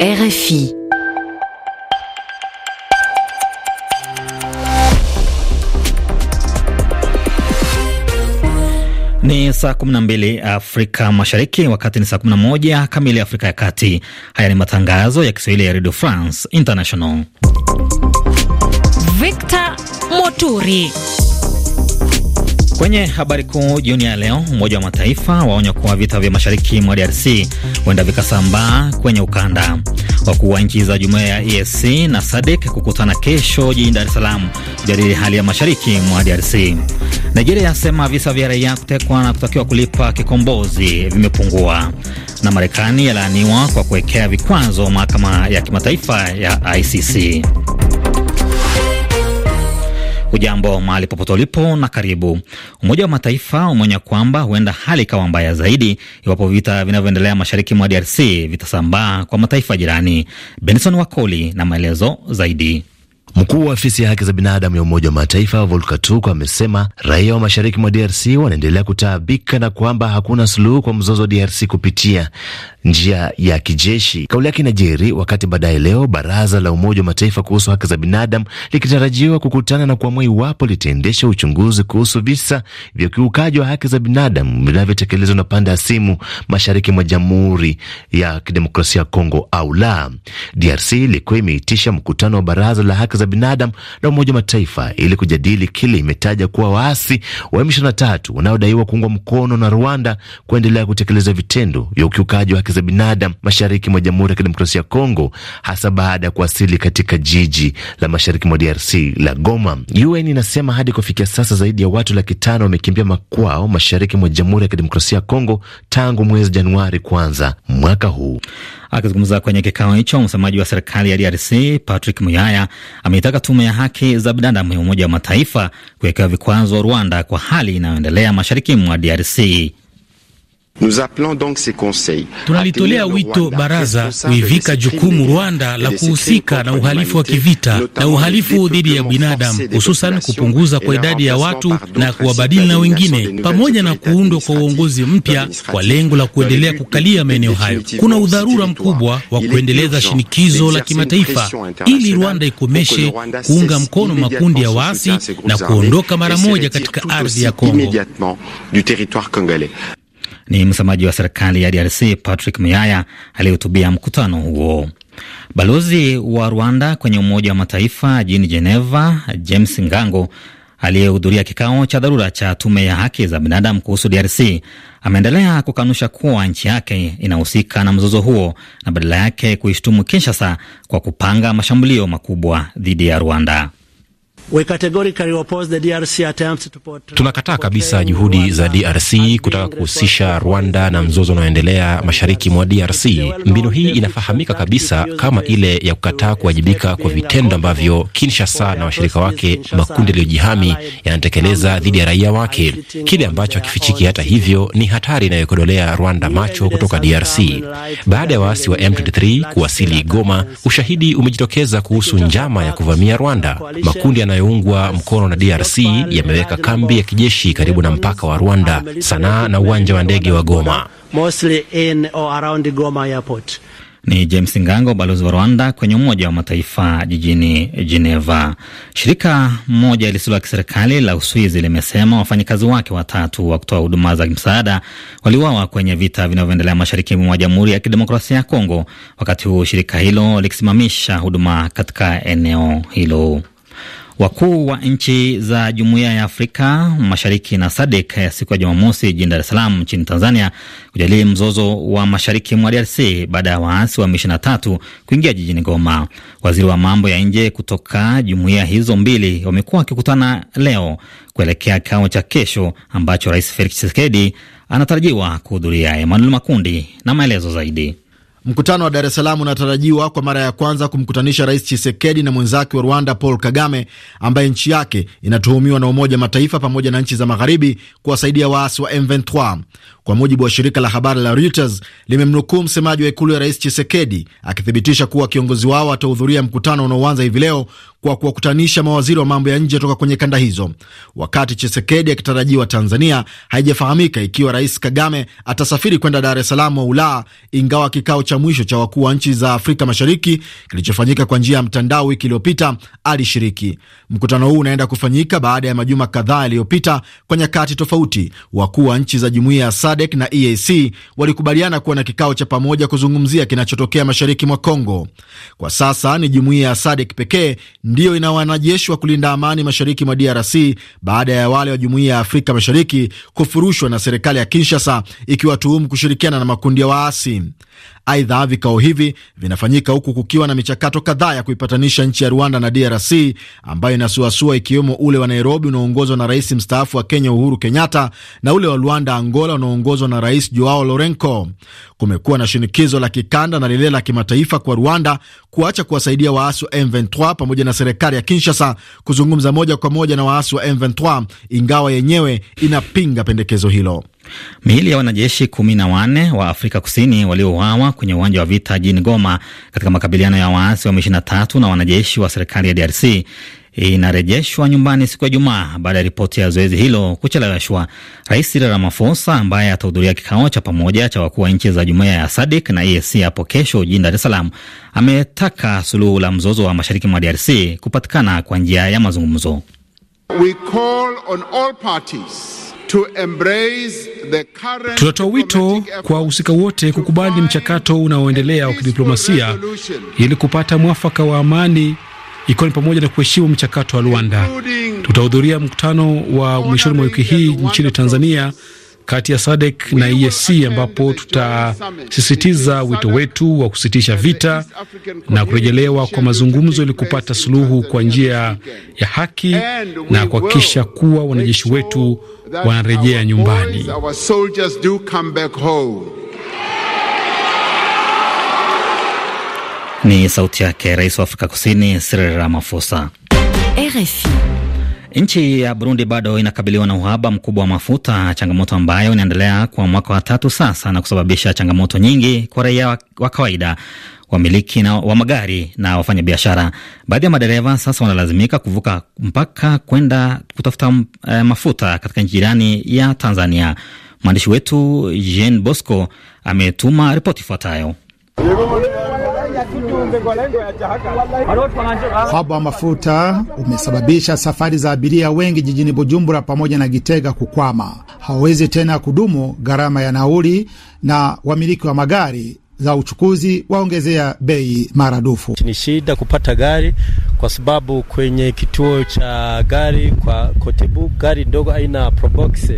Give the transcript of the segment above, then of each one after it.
RFI. Ni saa 12 Afrika Mashariki, wakati ni saa 11 kamili Afrika ya Kati. Haya ni matangazo ya Kiswahili ya Radio France International. Victor Moturi Kwenye habari kuu jioni ya leo, Umoja wa Mataifa waonya kuwa vita vya mashariki mwa DRC huenda vikasambaa kwenye ukanda. Wakuu wa nchi za jumuiya ya EAC na SADC kukutana kesho jijini Dar es Salaam kujadili hali ya mashariki mwa DRC. Nigeria yasema visa vya raia kutekwa na kutakiwa kulipa kikombozi vimepungua, na Marekani yalaaniwa kwa kuwekea vikwazo mahakama ya kimataifa ya ICC. Ujambo mahali popote ulipo na karibu. Umoja wa Mataifa umeonya kwamba huenda hali ikawa mbaya zaidi iwapo vita vinavyoendelea mashariki mwa DRC vitasambaa kwa mataifa jirani. Benson Wakoli na maelezo zaidi. Mkuu wa afisi ya haki za binadamu ya Umoja wa Mataifa Volker Turk amesema raia wa mashariki mwa DRC wanaendelea kutaabika na kwamba hakuna suluhu kwa mzozo wa DRC kupitia njia ya kijeshi. Kauli yake inajiri wakati baadaye leo baraza la Umoja wa Mataifa kuhusu haki za binadamu likitarajiwa kukutana na kuamua iwapo litaendesha uchunguzi kuhusu visa vya ukiukaji wa haki za binadamu vinavyotekelezwa na pande ya simu mashariki mwa Jamhuri ya Kidemokrasia ya Kongo au la. DRC ilikuwa imeitisha mkutano wa baraza la haki za binadamu la Umoja wa Mataifa ili kujadili kile imetaja kuwa waasi wa M23 wanaodaiwa kuungwa mkono na Rwanda kuendelea kutekeleza vitendo vya ukiukaji wa haki za binadamu mashariki mwa Jamhuri ya Kidemokrasia ya Kongo, hasa baada ya kuwasili katika jiji la mashariki mwa DRC la Goma. UN inasema hadi kufikia sasa zaidi ya watu laki tano wamekimbia makwao mashariki mwa Jamhuri ya Kidemokrasia ya Kongo tangu mwezi Januari kwanza mwaka huu. Akizungumza kwenye kikao hicho, msemaji wa serikali ya DRC Patrick Muyaya ameitaka tume ya haki za binadamu ya Umoja wa Mataifa kuwekewa vikwazo Rwanda kwa hali inayoendelea mashariki mwa DRC. Tunalitolea wito baraza kuivika jukumu Rwanda la kuhusika na uhalifu wa kivita na uhalifu dhidi ya binadamu, hususan kupunguza kwa idadi ya watu na kuwabadili na wengine, pamoja na kuundwa kwa uongozi mpya kwa lengo la kuendelea kukalia maeneo hayo. Kuna udharura mkubwa wa kuendeleza shinikizo la kimataifa ili Rwanda ikomeshe kuunga mkono makundi ya waasi na kuondoka mara moja katika ardhi ya Kongo. Ni msemaji wa serikali ya DRC Patrick Muyaya aliyehutubia mkutano huo. Balozi wa Rwanda kwenye Umoja wa Mataifa jijini Geneva, James Ngango aliyehudhuria kikao cha dharura cha tume ya haki za binadamu kuhusu DRC ameendelea kukanusha kuwa nchi yake inahusika na mzozo huo na badala yake kuishtumu Kinshasa kwa kupanga mashambulio makubwa dhidi ya Rwanda. Tunakataa kabisa juhudi za DRC kutaka kuhusisha Rwanda na mzozo unaoendelea mashariki mwa DRC. Mbinu hii inafahamika kabisa kama ile ya kukataa kuwajibika kwa vitendo ambavyo Kinshasa na washirika wake, makundi yaliyojihami, yanatekeleza dhidi ya raia wake. Kile ambacho hakifichiki hata hivyo ni hatari inayokodolea Rwanda macho kutoka DRC. Baada ya waasi wa M23 kuwasili Goma, ushahidi umejitokeza kuhusu njama ya kuvamia Rwanda. Makundi yanayoungwa mkono na DRC yameweka kambi ya kijeshi karibu na mpaka wa Rwanda, Sanaa na uwanja wa ndege wa Goma. Ni James Ngango, balozi wa Rwanda kwenye Umoja wa Mataifa jijini Geneva. Shirika moja lisilo la kiserikali la Uswizi limesema wafanyakazi wake watatu wa kutoa huduma za msaada waliuawa kwenye vita vinavyoendelea mashariki mwa Jamhuri ya Kidemokrasia ya Kongo, wakati huu shirika hilo likisimamisha huduma katika eneo hilo. Wakuu wa nchi za Jumuiya ya Afrika Mashariki na SADC ya siku ya Jumamosi jijini Dar es Salaam nchini Tanzania kujadili mzozo wa mashariki mwa DRC baada ya waasi wa M23 kuingia jijini Goma. Waziri wa mambo ya nje kutoka jumuiya hizo mbili wamekuwa wakikutana leo kuelekea kikao cha kesho ambacho Rais Felix Tshisekedi anatarajiwa kuhudhuria. Emmanuel Makundi na maelezo zaidi. Mkutano wa Dar es Salaam unatarajiwa kwa mara ya kwanza kumkutanisha Rais Chisekedi na mwenzake wa Rwanda Paul Kagame, ambaye nchi yake inatuhumiwa na Umoja Mataifa pamoja na nchi za magharibi kuwasaidia waasi wa M23. Kwa mujibu wa shirika la habari la Reuters, limemnukuu msemaji wa ikulu ya rais Chisekedi akithibitisha kuwa kiongozi wao atahudhuria mkutano unaoanza hivi leo kwa kuwakutanisha mawaziri wa mambo ya nje toka kwenye kanda hizo. Wakati Chisekedi akitarajiwa Tanzania, haijafahamika ikiwa Rais Kagame atasafiri kwenda Dar es Salaam au la, ingawa kikao cha mwisho cha wakuu wa nchi za Afrika Mashariki kilichofanyika kwa njia ya mtandao wiki iliyopita alishiriki. Mkutano huu unaenda kufanyika baada ya majuma kadhaa yaliyopita kwa nyakati tofauti, wakuu wa nchi za jumuiya ya SADC na EAC walikubaliana kuwa na kikao cha pamoja kuzungumzia kinachotokea mashariki mwa congo Kwa sasa ni jumuiya ya SADC pekee ndiyo ina wanajeshi wa kulinda amani mashariki mwa DRC baada ya wale wa jumuiya ya Afrika Mashariki kufurushwa na serikali ya Kinshasa ikiwatuhumu kushirikiana na makundi ya waasi. Aidha, vikao hivi vinafanyika huku kukiwa na michakato kadhaa ya kuipatanisha nchi ya Rwanda na DRC ambayo inasuasua, ikiwemo ule wa Nairobi unaoongozwa na rais mstaafu wa Kenya Uhuru Kenyatta na ule wa Luanda, Angola unaoongozwa na rais Joao Lorenco. Kumekuwa na shinikizo la kikanda na lile la kimataifa kwa Rwanda kuacha kuwasaidia waasi wa M23 pamoja na serikali ya Kinshasa kuzungumza moja kwa moja na waasi wa M23, ingawa yenyewe inapinga pendekezo hilo. Miili ya wanajeshi kumi na wanne wa Afrika Kusini waliouawa kwenye uwanja wa vita jini Goma katika makabiliano ya waasi wa M23 na wanajeshi wa serikali ya DRC inarejeshwa nyumbani siku ya Jumaa baada ya ripoti ya zoezi hilo kucheleweshwa. Rais Cyril Ramaphosa ambaye atahudhuria kikao cha pamoja cha wakuu wa nchi za jumuiya ya SADC na EAC hapo kesho jijini Dar es Salaam ametaka suluhu la mzozo wa mashariki mwa DRC kupatikana kwa njia ya mazungumzo. We call on all parties Tunatoa wito kwa wahusika wote kukubali mchakato unaoendelea wa kidiplomasia ili kupata mwafaka wa amani, ikiwa ni pamoja na kuheshimu mchakato wa Luanda. Tutahudhuria mkutano wa mwishoni mwa wiki hii nchini Tanzania kati ya SADC na EAC e ambapo tutasisitiza wito wetu wa kusitisha vita na kurejelewa kwa mazungumzo ili kupata suluhu kwa njia ya haki na kuhakikisha kuwa wanajeshi wetu wanarejea nyumbani. Ni sauti yake Rais wa Afrika Kusini Cyril Ramaphosa, RFI. Nchi ya Burundi bado inakabiliwa na uhaba mkubwa wa mafuta, changamoto ambayo inaendelea kwa mwaka wa tatu sasa na kusababisha changamoto nyingi kwa raia wa kawaida, wamiliki na wa magari na wafanyabiashara. Baadhi ya madereva sasa wanalazimika kuvuka mpaka kwenda kutafuta eh, mafuta katika nchi jirani ya Tanzania. Mwandishi wetu Jean Bosco ametuma ripoti ifuatayo. Uhaba wa mafuta umesababisha safari za abiria wengi jijini Bujumbura pamoja na Gitega kukwama. Hawawezi tena kudumu gharama ya nauli, na wamiliki wa magari za uchukuzi waongezea bei maradufu. Ni shida kupata gari kwa sababu kwenye kituo cha gari kwa Kotebu gari ndogo aina ya Probox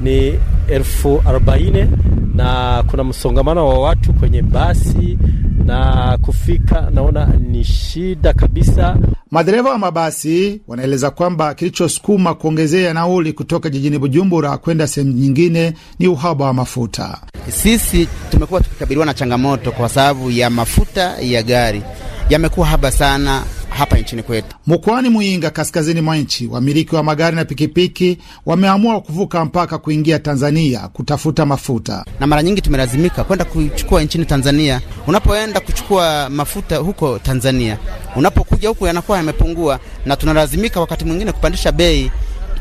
ni elfu arobaini na kuna msongamano wa watu kwenye basi na kufika, naona ni shida kabisa. Madereva wa mabasi wanaeleza kwamba kilichosukuma kuongezea nauli kutoka jijini Bujumbura kwenda sehemu nyingine ni uhaba wa mafuta. Sisi tumekuwa tukikabiliwa na changamoto kwa sababu ya mafuta ya gari yamekuwa haba sana hapa nchini kwetu. Mkoani Muinga, kaskazini mwa nchi, wamiliki wa magari na pikipiki wameamua kuvuka mpaka kuingia Tanzania kutafuta mafuta, na mara nyingi tumelazimika kwenda kuchukua nchini Tanzania. Unapoenda kuchukua mafuta huko Tanzania, unapokuja huku yanakuwa yamepungua, na tunalazimika wakati mwingine kupandisha bei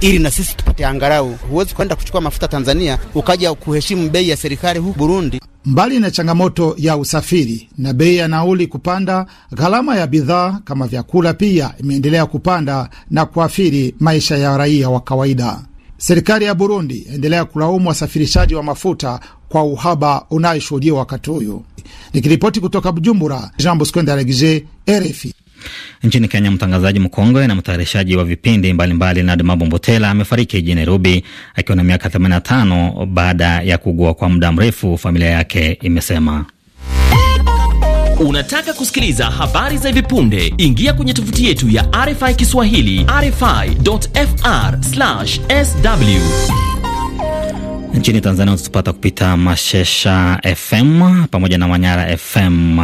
ili na sisi tupate angalau. Huwezi kwenda kuchukua mafuta Tanzania ukaja kuheshimu bei ya serikali huku Burundi. Mbali na changamoto ya usafiri na bei ya nauli kupanda, gharama ya bidhaa kama vyakula pia imeendelea kupanda na kuathiri maisha ya raia wa kawaida. Serikali ya Burundi endelea kulaumu wasafirishaji wa mafuta kwa uhaba unayoshuhudia wakati huyu. Nikiripoti kutoka Bujumbura, Jean Bosco Ndaragize, RFI. Nchini Kenya, mtangazaji mkongwe na mtayarishaji wa vipindi mbalimbali Leonard Mabombotela amefariki jijini Nairobi akiwa na miaka 85 baada ya kuugua kwa muda mrefu, familia yake imesema. Unataka kusikiliza habari za hivi punde? Ingia kwenye tovuti yetu ya RFI Kiswahili, rfi.fr/sw. Nchini Tanzania unatupata kupita Mashesha FM pamoja na Manyara FM.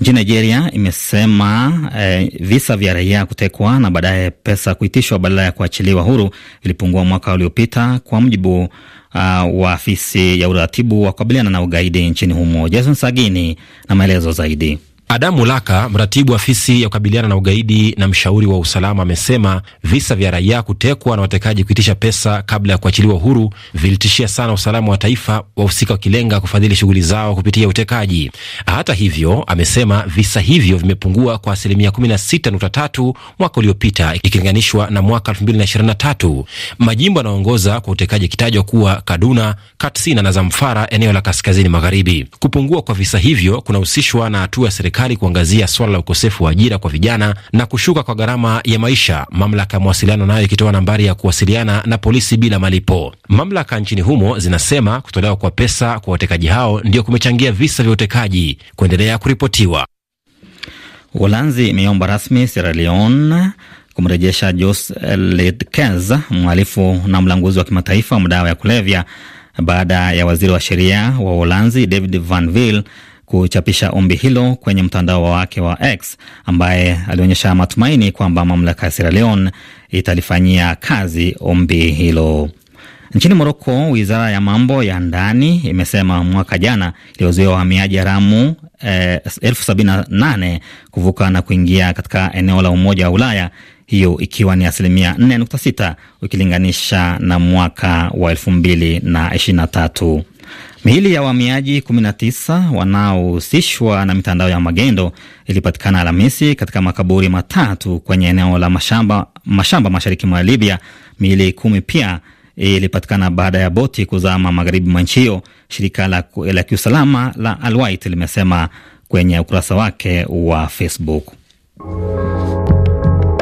Nchini Nigeria imesema eh, visa vya raia kutekwa na baadaye pesa kuitishwa badala ya kuachiliwa huru ilipungua mwaka uliopita kwa mjibu uh, wa afisi ya uratibu wa kukabiliana na ugaidi nchini humo. Jason Sagini na maelezo zaidi. Adam Mulaka, mratibu afisi ya kukabiliana na ugaidi na mshauri wa usalama, amesema visa vya raia kutekwa na watekaji kuitisha pesa kabla ya kuachiliwa huru vilitishia sana usalama wa taifa, wahusika wakilenga kufadhili shughuli zao kupitia utekaji. Hata hivyo, amesema visa hivyo vimepungua kwa asilimia 16.3 mwaka uliopita ikilinganishwa na mwaka 2023. Majimbo yanayoongoza kwa utekaji yakitajwa kuwa Kaduna, Katsina na Zamfara, eneo la kaskazini magharibi. Kupungua kwa visa hivyo kunahusishwa na hatua ya serikali serikali kuangazia swala la ukosefu wa ajira kwa vijana na kushuka kwa gharama ya maisha, mamlaka ya mawasiliano nayo ikitoa nambari ya kuwasiliana na polisi bila malipo. Mamlaka nchini humo zinasema kutolewa kwa pesa kwa watekaji hao ndio kumechangia visa vya utekaji kuendelea kuripotiwa. Uholanzi imeomba rasmi Sierra Leone kumrejesha Jos Letkens, mhalifu na mlanguzi wa kimataifa wa madawa ya kulevya baada ya waziri wa sheria wa Uholanzi David Van kuchapisha ombi hilo kwenye mtandao wake wa X, ambaye alionyesha matumaini kwamba mamlaka ya Sierra Leone italifanyia kazi ombi hilo. Nchini Moroko, wizara ya mambo ya ndani imesema mwaka jana iliyozuia wahamiaji haramu eh, elfu sabini na nane kuvuka na kuingia katika eneo la Umoja wa Ulaya, hiyo ikiwa ni asilimia 4.6 ukilinganisha na mwaka wa elfu mbili na ishirini na tatu. Miili ya wahamiaji 19 wanaohusishwa na mitandao ya magendo ilipatikana Alhamisi katika makaburi matatu kwenye eneo la mashamba, mashamba mashariki mwa Libya. Miili kumi pia ilipatikana baada ya boti kuzama magharibi mwa nchi hiyo, shirika la, la kiusalama la Alwait limesema kwenye ukurasa wake wa Facebook.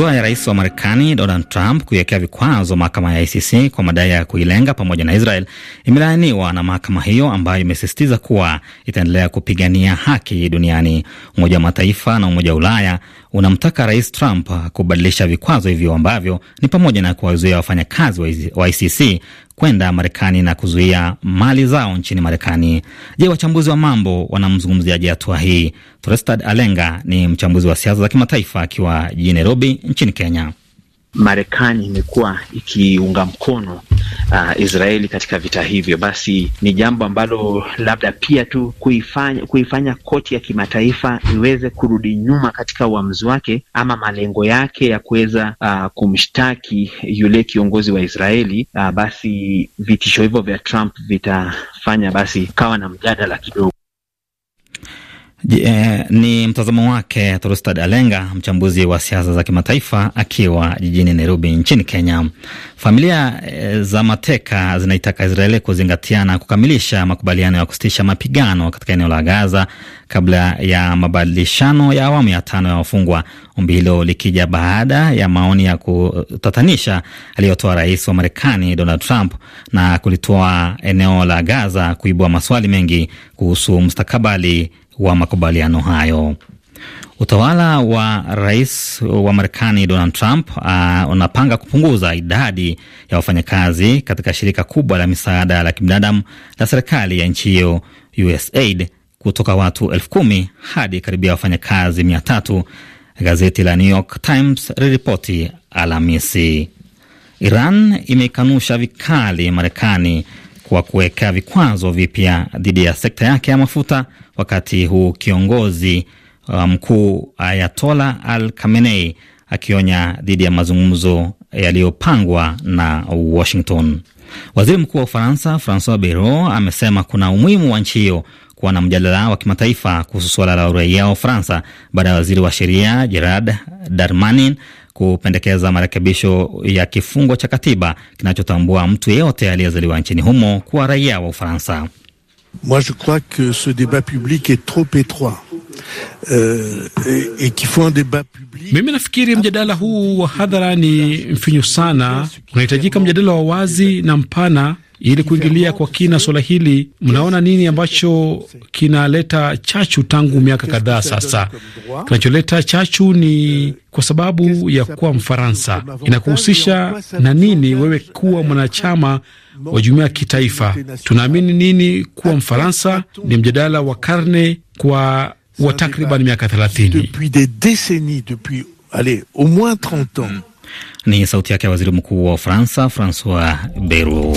Hatua ya rais wa Marekani Donald Trump kuiwekea vikwazo mahakama ya ICC kwa madai ya kuilenga pamoja na Israel imelaaniwa na mahakama hiyo ambayo imesisitiza kuwa itaendelea kupigania haki duniani. Umoja wa Mataifa na Umoja wa Ulaya unamtaka Rais Trump kubadilisha vikwazo hivyo ambavyo ni pamoja na kuwazuia wafanyakazi wa ICC kwenda Marekani na kuzuia mali zao nchini Marekani. Je, wachambuzi wa mambo wanamzungumziaje hatua hii? Torestad Alenga ni mchambuzi wa siasa za kimataifa akiwa jijini Nairobi nchini Kenya. Marekani imekuwa ikiunga mkono uh, Israeli katika vita hivyo, basi ni jambo ambalo labda pia tu kuifanya, kuifanya koti ya kimataifa iweze kurudi nyuma katika uamuzi wake ama malengo yake ya kuweza uh, kumshtaki yule kiongozi wa Israeli uh, basi vitisho hivyo vya Trump vitafanya basi kawa na mjadala kidogo. Je, eh, ni mtazamo wake Torostad Alenga, mchambuzi wa siasa za kimataifa akiwa jijini Nairobi nchini Kenya. Familia eh, za mateka zinaitaka Israeli kuzingatia na kukamilisha makubaliano ya kusitisha mapigano katika eneo la Gaza kabla ya mabadilishano ya awamu ya tano ya wafungwa, ombi hilo likija baada ya maoni ya kutatanisha aliyotoa rais wa Marekani Donald Trump na kulitoa eneo la Gaza kuibua maswali mengi kuhusu mustakabali wa makubaliano hayo. Utawala wa rais wa Marekani Donald Trump uh, unapanga kupunguza idadi ya wafanyakazi katika shirika kubwa la misaada la kibinadamu la serikali ya nchi hiyo USAID kutoka watu elfu kumi hadi karibia wafanyakazi mia tatu. Gazeti la New York Times liripoti Alhamisi. Iran imeikanusha vikali Marekani kwa kuweka vikwazo vipya dhidi ya sekta yake ya mafuta, wakati huu kiongozi uh, mkuu Ayatola Al Khamenei akionya dhidi ya mazungumzo yaliyopangwa na Washington. Waziri mkuu wa Ufaransa Francois Bayrou amesema kuna umuhimu wa nchi hiyo kuwa na mjadala wa kimataifa kuhusu suala la uraia wa Ufaransa baada ya waziri wa sheria Gerard Darmanin kupendekeza marekebisho ya kifungo cha katiba kinachotambua mtu yeyote aliyezaliwa nchini humo kuwa raia wa Ufaransa. Moi je crois que ce public est trop étroit. Uh, et, et un public. Mimi nafikiri mjadala huu wa hadhara ni mfinyu sana, unahitajika mjadala wa wazi na mpana ili kuingilia kwa kina suala hili, mnaona nini ambacho kinaleta chachu tangu miaka kadhaa sasa? Kinacholeta chachu ni kwa sababu ya kuwa Mfaransa, inakuhusisha na nini wewe kuwa mwanachama wa jumuiya ya kitaifa? Tunaamini nini kuwa Mfaransa? Ni mjadala wa karne kwa wa takriban miaka thelathini. Ni sauti yake ya waziri mkuu wa Ufaransa, Francois Beru.